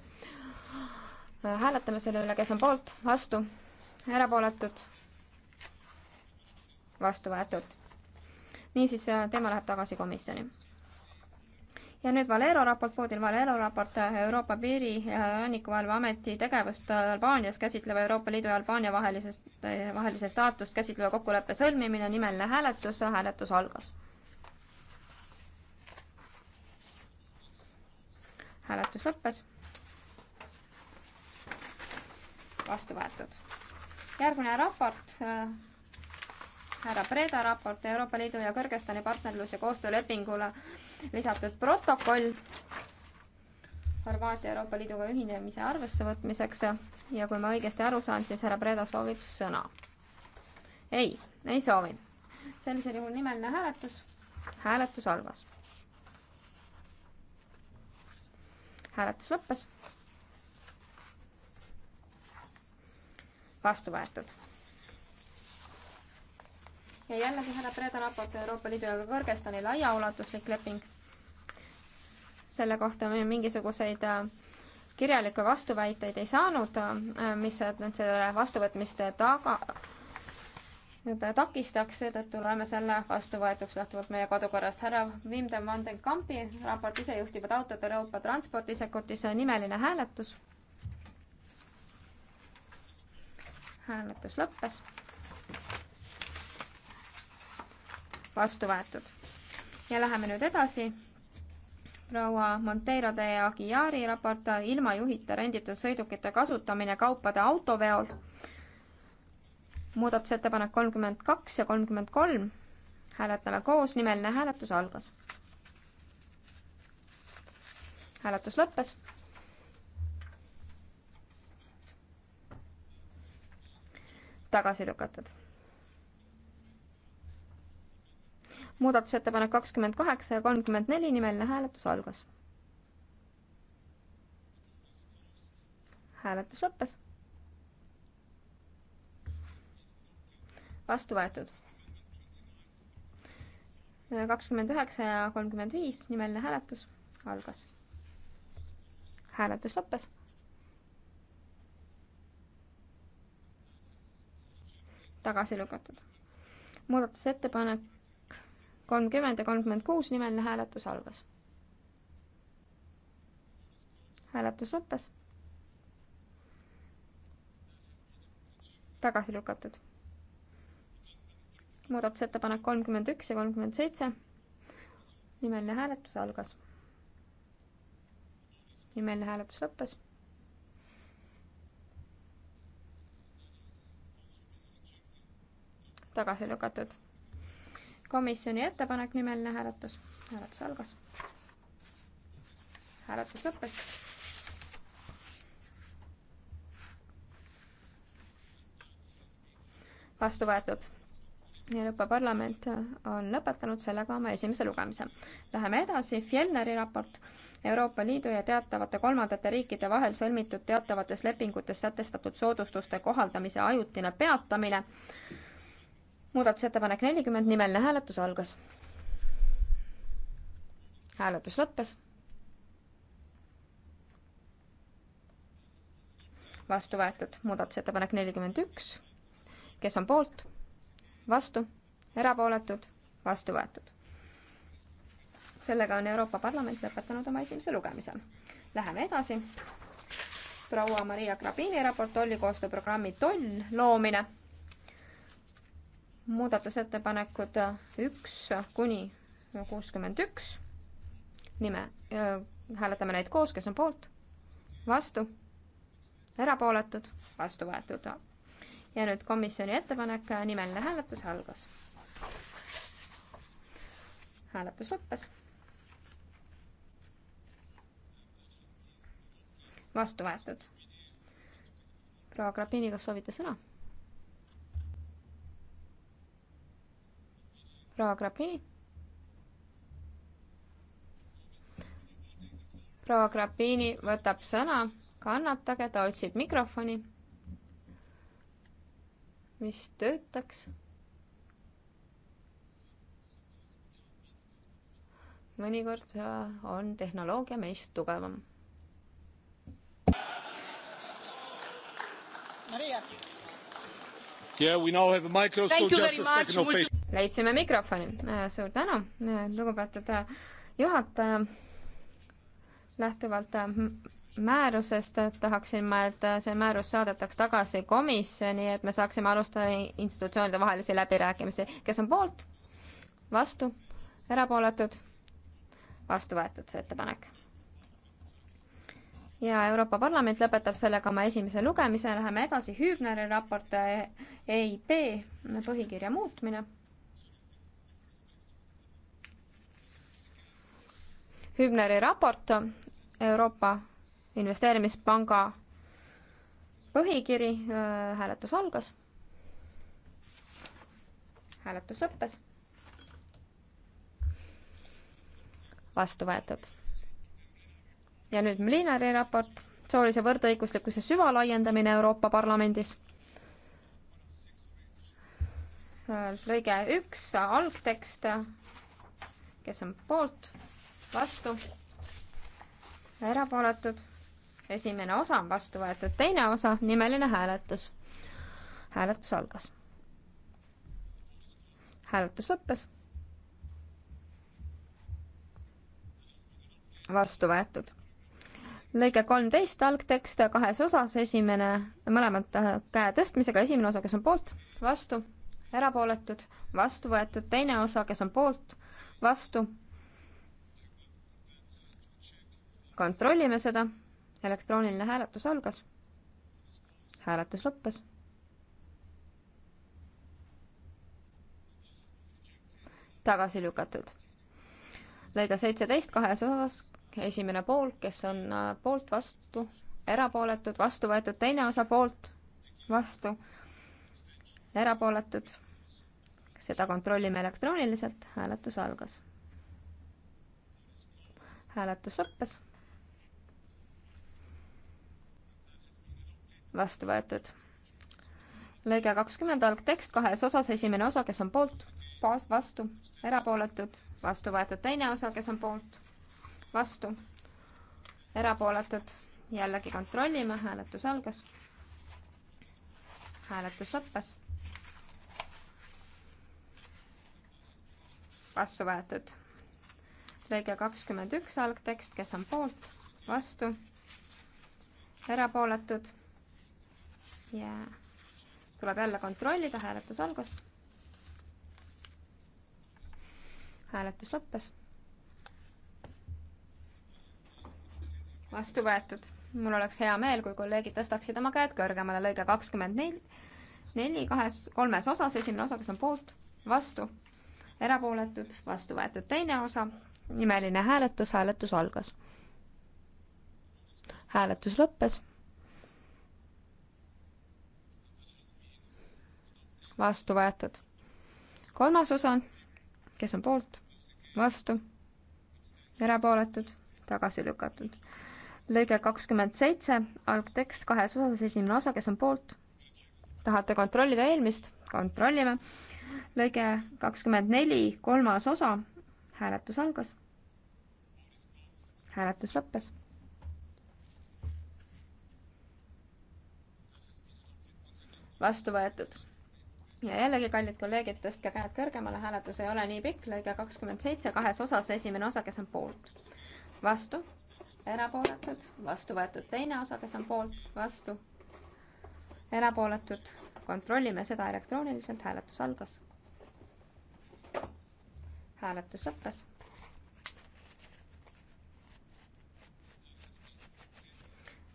hääletame selle üle, kes on poolt, vastu, erapooletud, vastu võetud. niisiis, teema läheb tagasi komisjoni ja nüüd Valero raport, Foodil Valero raport äh, Euroopa Piiri ja Rannikuvalveameti tegevust äh, Albaanias käsitleva Euroopa Liidu ja Albaania vahelisest, äh, vahelise staatust käsitleva kokkuleppe sõlmimine, nimeline hääletus, hääletus algas. hääletus lõppes. vastu võetud. järgmine raport härra Preda raport Euroopa Liidu ja Kõrgõzstani partnerlus- ja koostöölepingule lisatud protokoll Horvaatia Euroopa Liiduga ühinemise arvessevõtmiseks ja kui ma õigesti aru saan, siis härra Preda soovib sõna. ei, ei soovi. sellisel juhul nimeline hääletus. hääletus algas. hääletus lõppes. vastu võetud ja jällegi härra Preda raport Euroopa Liidu ja Kõrgõzstani laiaulatuslik leping. selle kohta me mingisuguseid äh, kirjalikke vastuväiteid ei saanud, äh, mis selle vastuvõtmist taga, takistaks, seetõttu loeme selle vastuvõetuks lähtuvalt meie kodukorrast. härra Wim de Vandenkampi raport isejuhtivad autod Euroopa transpordisektortis, nimeline hääletus. hääletus lõppes vastu võetud. ja läheme nüüd edasi. proua Monteiro de Aguiari raport ilma juhita renditud sõidukite kasutamine kaupade autoveol. muudatusettepanek kolmkümmend kaks ja kolmkümmend kolm. hääletame koos, nimeline hääletus algas. hääletus lõppes tagasi lükatud. muudatusettepanek kakskümmend kaheksa ja kolmkümmend neli, nimeline hääletus algas. hääletus lõppes. vastu võetud. kakskümmend üheksa ja kolmkümmend viis, nimeline hääletus algas. hääletus lõppes. tagasi lükatud. muudatusettepanek kolmkümmend ja kolmkümmend kuus nimeline hääletus algas. hääletus lõppes. tagasi lükatud. muudatusettepanek kolmkümmend üks ja kolmkümmend seitse. nimeline hääletus algas. nimeline hääletus lõppes. tagasi lükatud komisjoni ettepanek, nimeline hääletus. hääletus algas. hääletus lõppes. vastu võetud. Euroopa Parlament on lõpetanud sellega oma esimese lugemise. Läheme edasi, Fjellneri raport Euroopa Liidu ja teatavate kolmandate riikide vahel sõlmitud teatavates lepingutes sätestatud soodustuste kohaldamise ajutine peatamine muudatusettepanek nelikümmend, nimeline hääletus algas. hääletus lõppes. vastu võetud muudatusettepanek nelikümmend üks. kes on poolt? vastu? erapooletud? vastu võetud. sellega on Euroopa Parlament lõpetanud oma esimese lugemise. Läheme edasi. proua Maria Grabini raport tolli koostööprogrammi Toll loomine muudatusettepanekud äh, üks kuni kuuskümmend üks nime. Äh, hääletame neid koos, kes on poolt, vastu, erapooletud, vastu võetud. ja nüüd komisjoni ettepanek, äh, nimeline hääletus algas. hääletus lõppes. vastu võetud. proua Krapini, kas soovite sõna? proua Grapini. proua Grapini võtab sõna, kannatage, ta otsib mikrofoni, mis töötaks. mõnikord äh, on tehnoloogia meist tugevam Yeah, much, leidsime mikrofoni. Äh, suur tänu, äh, lugupeetud äh, juhataja. lähtuvalt määrusest tahaksin ma, et see määrus saadetaks tagasi komisjoni, et me saaksime alustada institutsioonide vahelisi läbirääkimisi. kes on poolt? vastu? erapooletud? vastu võetud see ettepanek. ja Euroopa Parlament lõpetab sellega oma esimese lugemise, läheme edasi, Hübneri raport EIB põhikirja muutmine Hübneri raport, Euroopa Investeerimispanga põhikiri, äh, hääletus algas. hääletus lõppes. vastu võetud. ja nüüd Mlinari raport, soolise võrdõiguslikkuse süvalaiendamine Euroopa Parlamendis. Äh, lõige üks, algtekst, kes on poolt vastu, erapooletud, esimene osa on vastu võetud, teine osa, nimeline hääletus. hääletus algas. hääletus lõppes. vastu võetud. lõige kolmteist algtekst kahes osas, esimene, mõlemad äh, käe tõstmisega, esimene osa, kes on poolt, vastu, erapooletud, vastu võetud, teine osa, kes on poolt, vastu kontrollime seda. elektrooniline hääletus algas. hääletus lõppes. tagasi lükatud. lõige seitseteist kahes osas, esimene pool, kes on äh, poolt, vastu, erapooletud, vastu võetud, teine osa poolt, vastu, erapooletud. seda kontrollime elektrooniliselt, hääletus algas. hääletus lõppes vastu võetud. lõige kakskümmend algtekst kahes osas, esimene osa, kes on poolt, vastu, erapooletud, vastu võetud, teine osa, kes on poolt, vastu, erapooletud, jällegi kontrollime, hääletus algas. hääletus lõppes. vastu võetud. lõige kakskümmend üks algtekst, kes on poolt, vastu, erapooletud ja tuleb jälle kontrollida, hääletus algas. hääletus lõppes. vastu võetud. mul oleks hea meel, kui kolleegid tõstaksid oma käed kõrgemale, lõige kakskümmend neli, neli kahes, kolmes osas, esimene osa, kes on poolt, vastu, erapooletud, vastu võetud, teine osa, nimeline hääletus, hääletus algas. hääletus lõppes vastu võetud. kolmas osa, kes on poolt, vastu, erapooletud, tagasi lükatud. lõige kakskümmend seitse, algtekst kahes osas, esimene osa, kes on poolt, tahate kontrollida eelmist, kontrollime. lõige kakskümmend neli, kolmas osa, hääletus algas. hääletus lõppes vastu võetud ja jällegi, kallid kolleegid, tõstke käed kõrgemale, hääletus ei ole nii pikk, lõige kakskümmend seitse kahes osas, esimene osa, kes on poolt, vastu, erapooletud, vastu võetud teine osa, kes on poolt, vastu, erapooletud, kontrollime seda elektrooniliselt, hääletus algas. hääletus lõppes.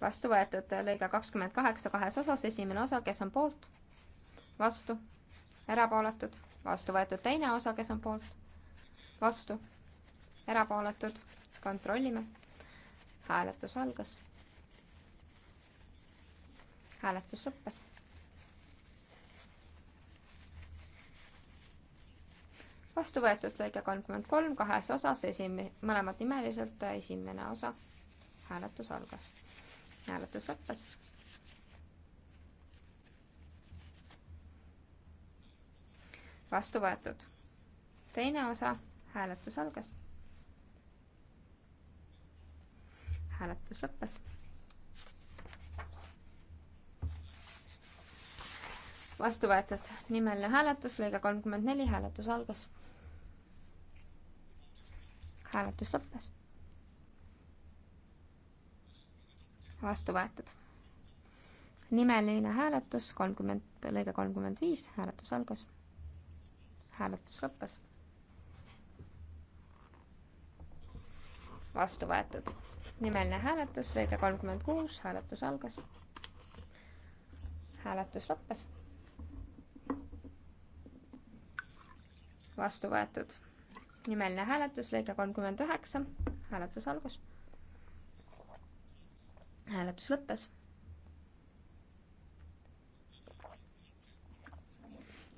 vastu võetud lõige kakskümmend kaheksa kahes osas, esimene osa, kes on poolt, vastu erapooletud, vastu võetud teine osa, kes on poolt, vastu, erapooletud, kontrollime. hääletus algas. hääletus lõppes. vastu võetud lõige kolmkümmend kolm kahes osas, esime-, mõlemad nimeliselt, esimene osa, hääletus algas. hääletus lõppes vastu võetud. teine osa, hääletus algas. hääletus lõppes. vastu võetud nimeline hääletus, lõige kolmkümmend neli, hääletus algas. hääletus lõppes. vastu võetud nimeline hääletus, kolmkümmend, lõige kolmkümmend viis, hääletus algas hääletus lõppes. vastu võetud. nimeline hääletus, lõige kolmkümmend kuus, hääletus algas. hääletus lõppes. vastu võetud. nimeline hääletus, lõige kolmkümmend üheksa, hääletus algas. hääletus lõppes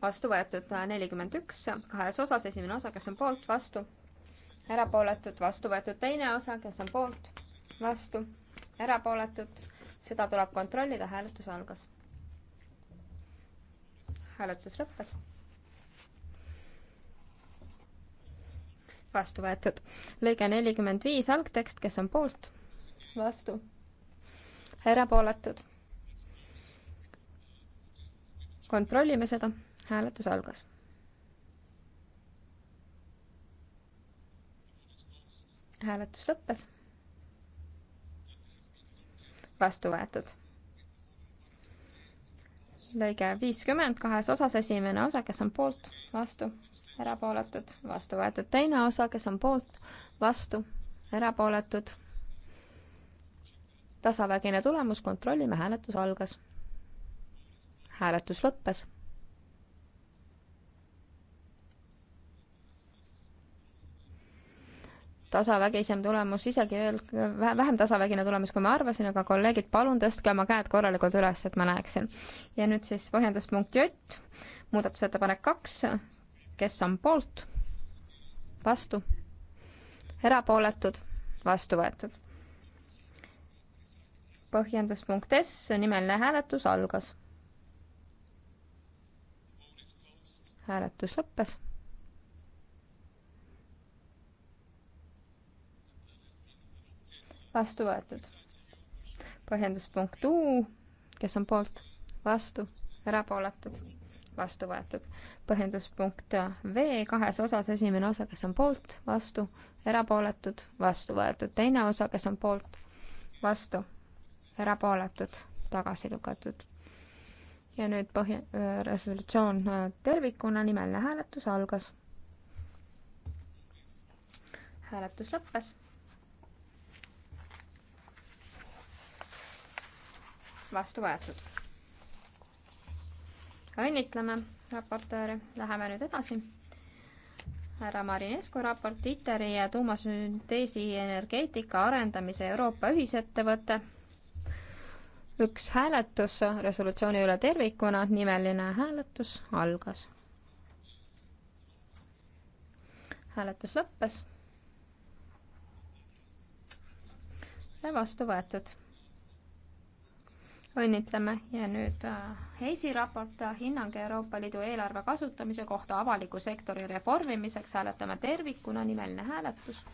vastu võetud äh, nelikümmend üks, kahes osas, esimene osa, kes on poolt, vastu, erapooletud, vastu võetud teine osa, kes on poolt, vastu, erapooletud, seda tuleb kontrollida, hääletus algas. hääletus lõppes. vastu võetud. lõige nelikümmend viis, algtekst, kes on poolt, vastu, erapooletud. kontrollime seda hääletus algas. hääletus lõppes. vastu võetud. lõige viiskümmend kahes osas, esimene osa, kes on poolt, vastu, erapooletud, vastu võetud, teine osa, kes on poolt, vastu, erapooletud. tasavägine tulemus, kontrollime, hääletus algas. hääletus lõppes tasavägisem tulemus, isegi veel vähem tasavägine tulemus, kui ma arvasin, aga kolleegid, palun tõstke oma käed korralikult üles, et ma näeksin. ja nüüd siis põhjenduspunkt J, muudatusettepanek kaks, kes on poolt, vastu, erapooletud, vastu võetud. põhjenduspunkt S, nimeline hääletus algas hääletus lõppes vastu võetud. põhjendus punkt U, kes on poolt, vastu, erapooletud, vastu võetud. põhjendus punkt V kahes osas, esimene osa, kes on poolt, vastu, erapooletud, vastu võetud, teine osa, kes on poolt, vastu, erapooletud, tagasi lükatud ja nüüd põhja, äh, resolutsioon äh, tervikuna, nimeline hääletus algas. hääletus lõppes vastu võetud. õnnitleme raportööri, läheme nüüd edasi. härra Marinescu raport ITER-i ja tuumasünteesi energeetika arendamise Euroopa ühisettevõte. üks hääletus resolutsiooni üle tervikuna, nimeline hääletus algas hääletus lõppes ja vastu võetud õnnitleme ja nüüd äh, Heisi raport äh, hinnang Euroopa Liidu eelarve kasutamise kohta avaliku sektori reformimiseks hääletame tervikuna, nimeline hääletus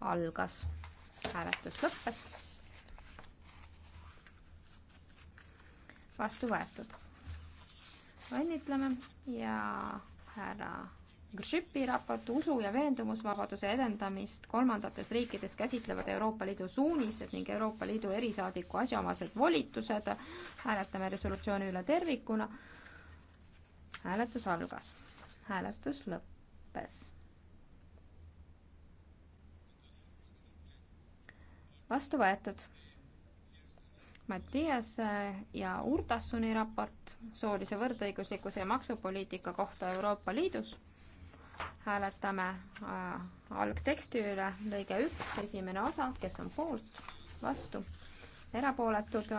algas, hääletus lõppes. vastu võetud. õnnitleme ja härra Gripi raport usu ja veendumusvabaduse edendamist kolmandates riikides käsitlevad Euroopa Liidu suunised ning Euroopa Liidu erisaadiku asjaomased volitused. hääletame resolutsiooni üle tervikuna. hääletus algas, hääletus lõppes. vastu võetud. Mattias ja Urtasuni raport soolise võrdõiguslikkuse ja maksupoliitika kohta Euroopa Liidus hääletame äh, algteksti üle, lõige üks, esimene osa, kes on poolt, vastu, erapooletud.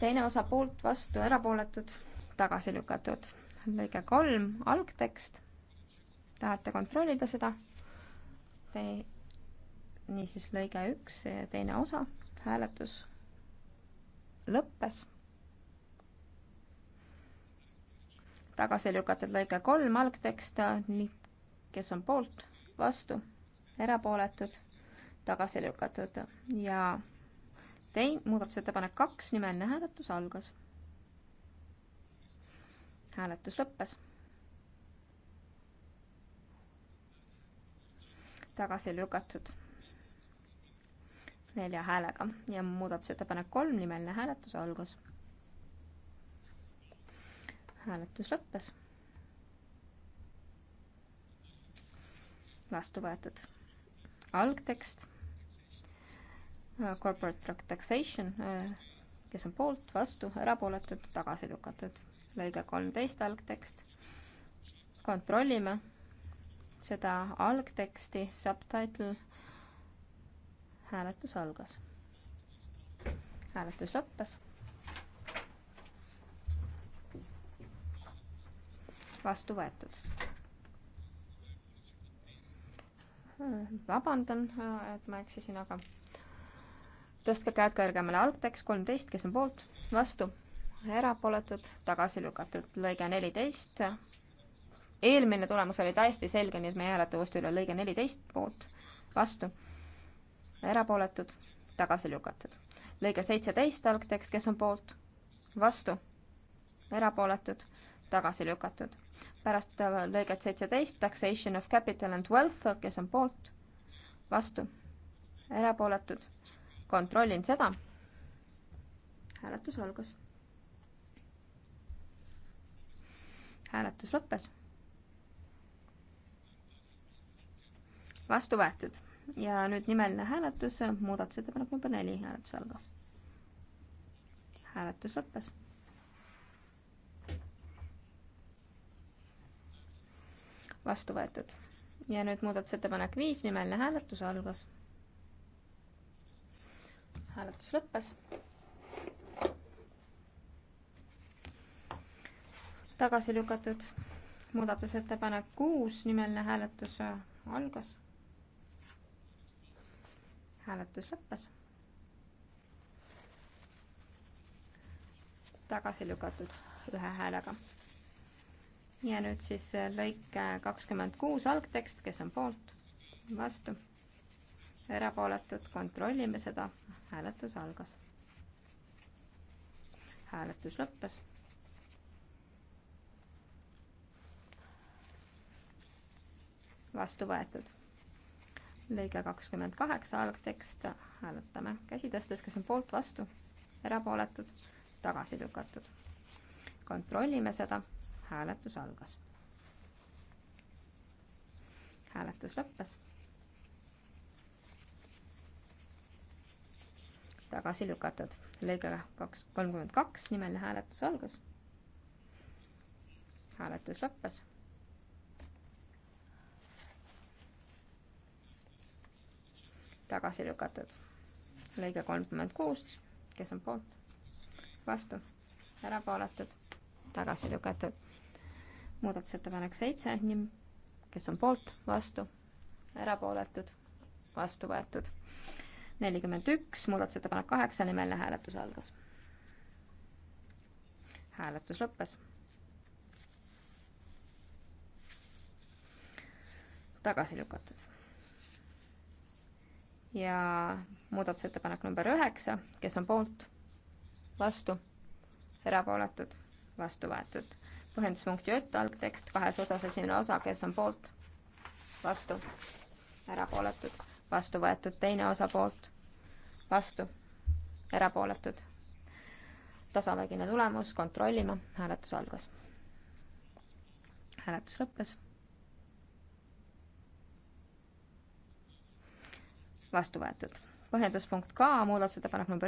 teine osa poolt, vastu, erapooletud, tagasi lükatud. lõige kolm, algtekst. tahate kontrollida seda? Te, niisiis lõige üks, teine osa, hääletus lõppes tagasi lükatud lõige kolm, algtekst, kes on poolt, vastu, erapooletud, tagasi lükatud ja tei-, muudatusettepanek kaks, nimeline hääletus algas. hääletus lõppes. tagasi lükatud nelja häälega ja muudatusettepanek kolm, nimeline hääletus algas hääletus lõppes. vastu võetud. algtekst. Äh, corporate Drug Taxation, äh, kes on poolt, vastu, erapooletud, tagasi lükatud. lõige kolmteist algtekst. kontrollime seda algteksti, subtitle. hääletus algas. hääletus lõppes vastu võetud. vabandan, et ma eksisin, aga tõstke käed kõrgemale, algtekst kolmteist, kes on poolt, vastu, erapooletud, tagasi lükatud, lõige neliteist. eelmine tulemus oli täiesti selge, nii et me ei hääleta uuesti üle, lõige neliteist poolt, vastu, erapooletud, tagasi lükatud. lõige seitseteist, algtekst, kes on poolt, vastu, erapooletud tagasi lükatud. pärast äh, lõiget seitseteist Taxation of capital and wealth, kes on poolt, vastu, erapooletud, kontrollin seda. hääletus algas. hääletus lõppes. vastu võetud ja nüüd nimeline hääletus, muudatusettepanek number neli, hääletus algas. hääletus lõppes vastu võetud. ja nüüd muudatusettepanek viis, nimeline hääletus algas. hääletus lõppes. tagasi lükatud muudatusettepanek kuus, nimeline hääletus algas. hääletus lõppes. tagasi lükatud ühe häälega ja nüüd siis äh, lõike kakskümmend kuus algtekst, kes on poolt, vastu, erapooletud, kontrollime seda, hääletus algas. hääletus lõppes. vastu võetud. lõige kakskümmend kaheksa algtekst, hääletame käsi tõstes, kes on poolt, vastu, erapooletud, tagasi lükatud. kontrollime seda hääletus algas. hääletus lõppes. tagasi lükatud. lõige kaks, kolmkümmend kaks, nimeline hääletus algas. hääletus lõppes. tagasi lükatud. lõige kolmkümmend kuus, kes on poolt? vastu, erapooletud, tagasi lükatud muudatusettepanek seitse, kes on poolt, vastu, erapooletud, vastu võetud. nelikümmend üks, muudatusettepanek kaheksa, nimeline hääletus algas. hääletus lõppes. tagasi lükatud. ja muudatusettepanek number üheksa, kes on poolt, vastu, erapooletud, vastu võetud põhjenduspunkt J, algtekst kahes osas, esimene osa, kes on poolt, vastu, erapooletud, vastu võetud, teine osa poolt, vastu, erapooletud. tasavägine tulemus, kontrollime, hääletus algas. hääletus lõppes. vastu võetud. põhjenduspunkt K, muudatusettepanek number